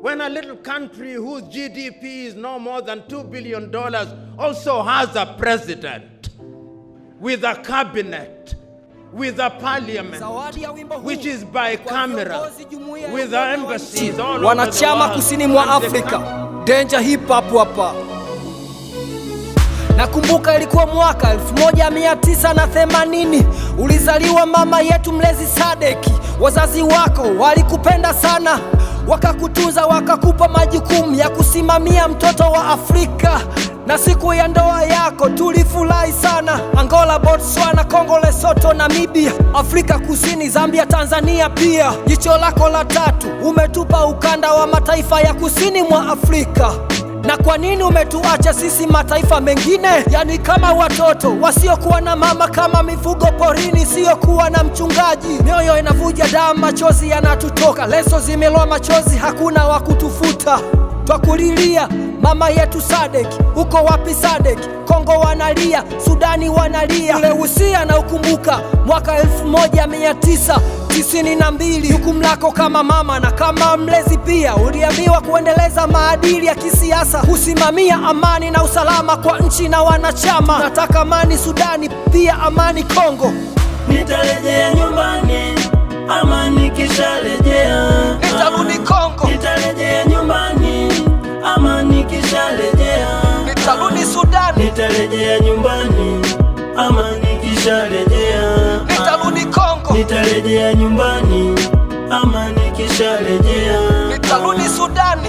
when a little country whose GDP is no more than $2 billion also has a president with a cabinet, with a parliament which is by camera with the embassies all wanachama kusini mwa Afrika. Danger hip hop hapa. Nakumbuka ilikuwa mwaka 1980 ulizaliwa mama yetu mlezi Sadeki. Wazazi wako walikupenda sana, wakakutunza, wakakupa majukumu ya kusimamia mtoto wa Afrika na siku ya ndoa yako tulifurahi sana. Angola, Botswana, Kongo, Lesotho, Namibia, Afrika Kusini, Zambia, Tanzania pia. Jicho lako la tatu umetupa ukanda wa mataifa ya kusini mwa Afrika. Na kwa nini umetuacha sisi mataifa mengine, yani kama watoto wasiokuwa na mama, kama mifugo porini isiyokuwa na mchungaji? Mioyo inavuja damu, machozi yanatutoka, leso zimeloa machozi, hakuna wa kutufuta. Twakulilia mama yetu Sadek, uko wapi Sadek? Kongo wanalia, Sudani wanalia, ule usia na ukumbuka mwaka elfu moja mia tisa tisini na mbili. Jukumu lako kama mama na kama mlezi pia, uliambiwa kuendeleza maadili ya kisiasa, kusimamia amani na usalama kwa nchi na wanachama. Nataka amani Sudani, pia amani Kongo. Nitarejea nyumbani, amani kisharejea nitarejea nyumbani ama nikisharejea nitarudi Sudani.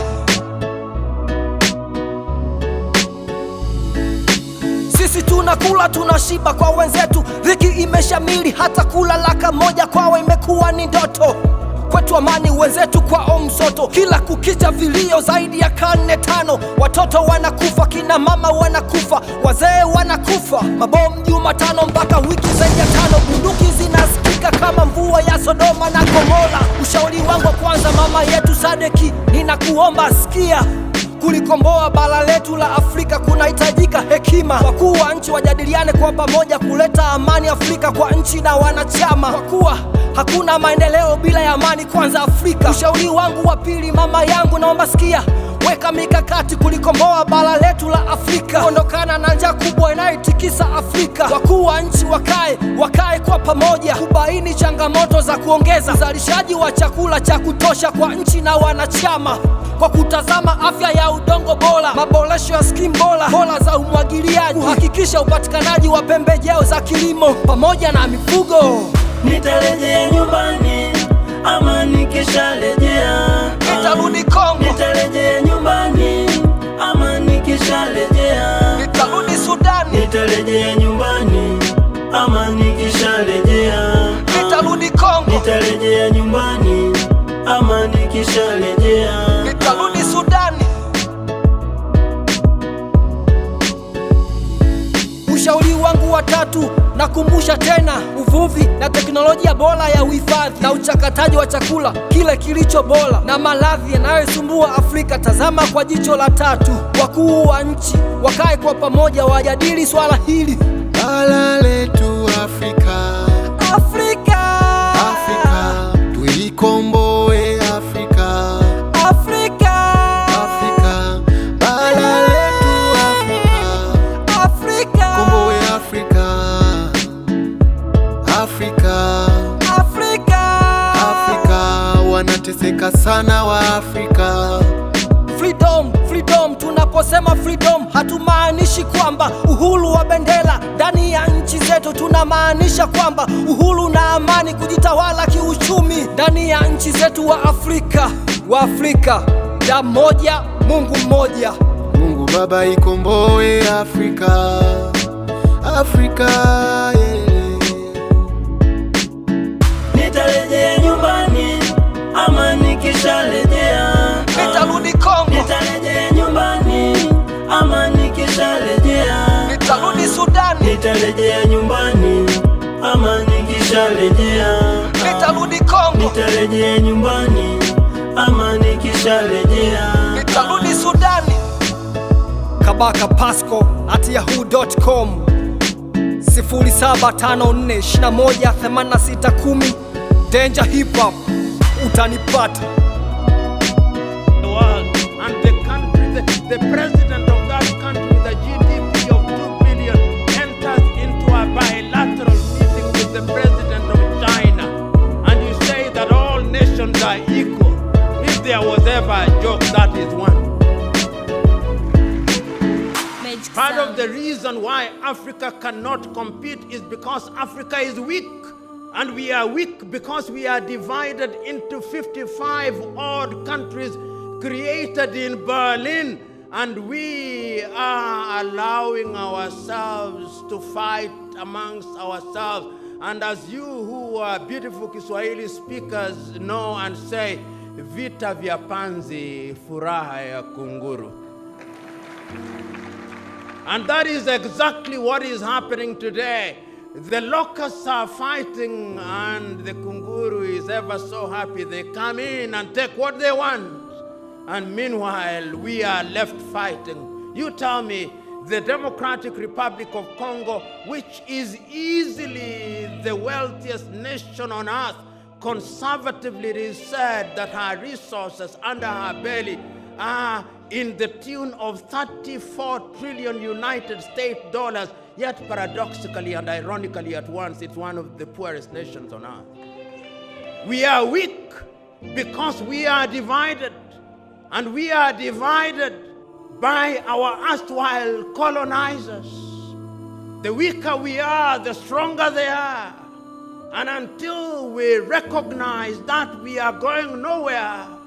Sisi tunakula tunashiba kwa wenzetu, dhiki imeshamili, hata kula laka moja kwao imekuwa ni ndoto kwetu amani, wenzetu kwao msoto. Kila kukicha vilio zaidi ya kane tano, watoto wanakufa, kina mama wanakufa, wazee wanakufa, mabomu Jumatano mpaka wiki zaidi ya tano mambo ya Sodoma na Gomora. Ushauri wangu wa kwanza, mama yetu Sadeki, ninakuomba sikia Kulikomboa bara letu la Afrika kunahitajika hekima. Wakuu wa nchi wajadiliane kwa pamoja kuleta amani Afrika kwa nchi na wanachama, kwa kuwa hakuna maendeleo bila ya amani kwanza Afrika. Ushauri wangu wa pili, mama yangu, naomba sikia weka mikakati kulikomboa bara letu la Afrika, ondokana na njaa kubwa inayotikisa Afrika. Wakuu wa nchi wakae wakae kwa pamoja kubaini changamoto za kuongeza uzalishaji wa chakula cha kutosha kwa nchi na wanachama kwa kutazama afya ya udongo bora, maboresho ya skimu bora, bora za umwagiliaji, kuhakikisha upatikanaji wa pembejeo za kilimo pamoja na mifugo. Nitarejea nyumbani amani nitarejea nyumbani ama nikisharejea nitarudi Sudani. Ushauri wangu wa tatu nakumbusha tena, uvuvi na teknolojia bora ya uhifadhi na uchakataji wa chakula kile kilicho bora na maradhi yanayosumbua Afrika, tazama kwa jicho la tatu. Wakuu wa nchi wakae kwa pamoja, wajadili swala hili, bara letu Afrika sana wa Afrika. Freedom, freedom, tunaposema freedom hatumaanishi kwamba uhuru wa bendera ndani ya nchi zetu, tunamaanisha kwamba uhuru na amani, kujitawala kiuchumi ndani ya nchi zetu. Wa Afrika, wa Afrika, da moja, Mungu mmoja. Mungu Baba ikomboe Afrika, Afrika nitarejea nyumbani, ama nikisharejea nitarudi Kongo, nitarejea nyumbani, ama nikisharejea nitarudi Sudani. Kabaka Pasco at yahoo.com 0754218610 Danger Hip Hop utanipata. One and The, the president Part of the reason why Africa cannot compete is because Africa is weak. And we are weak because we are divided into 55 odd countries created in Berlin. And we are allowing ourselves to fight amongst ourselves. And as you who are beautiful Kiswahili speakers know and say, vita vya panzi, furaha ya kunguru. And that is exactly what is happening today. The locusts are fighting, and the kunguru is ever so happy. They come in and take what they want. And meanwhile, we are left fighting. You tell me, the Democratic Republic of Congo, which is easily the wealthiest nation on earth, conservatively it is said that her resources under her belly are in the tune of 34 trillion United States dollars, yet paradoxically and ironically at once, it's one of the poorest nations on earth. We are weak because we are divided, and we are divided by our erstwhile colonizers. The weaker we are, the stronger they are. And until we recognize that, we are going nowhere.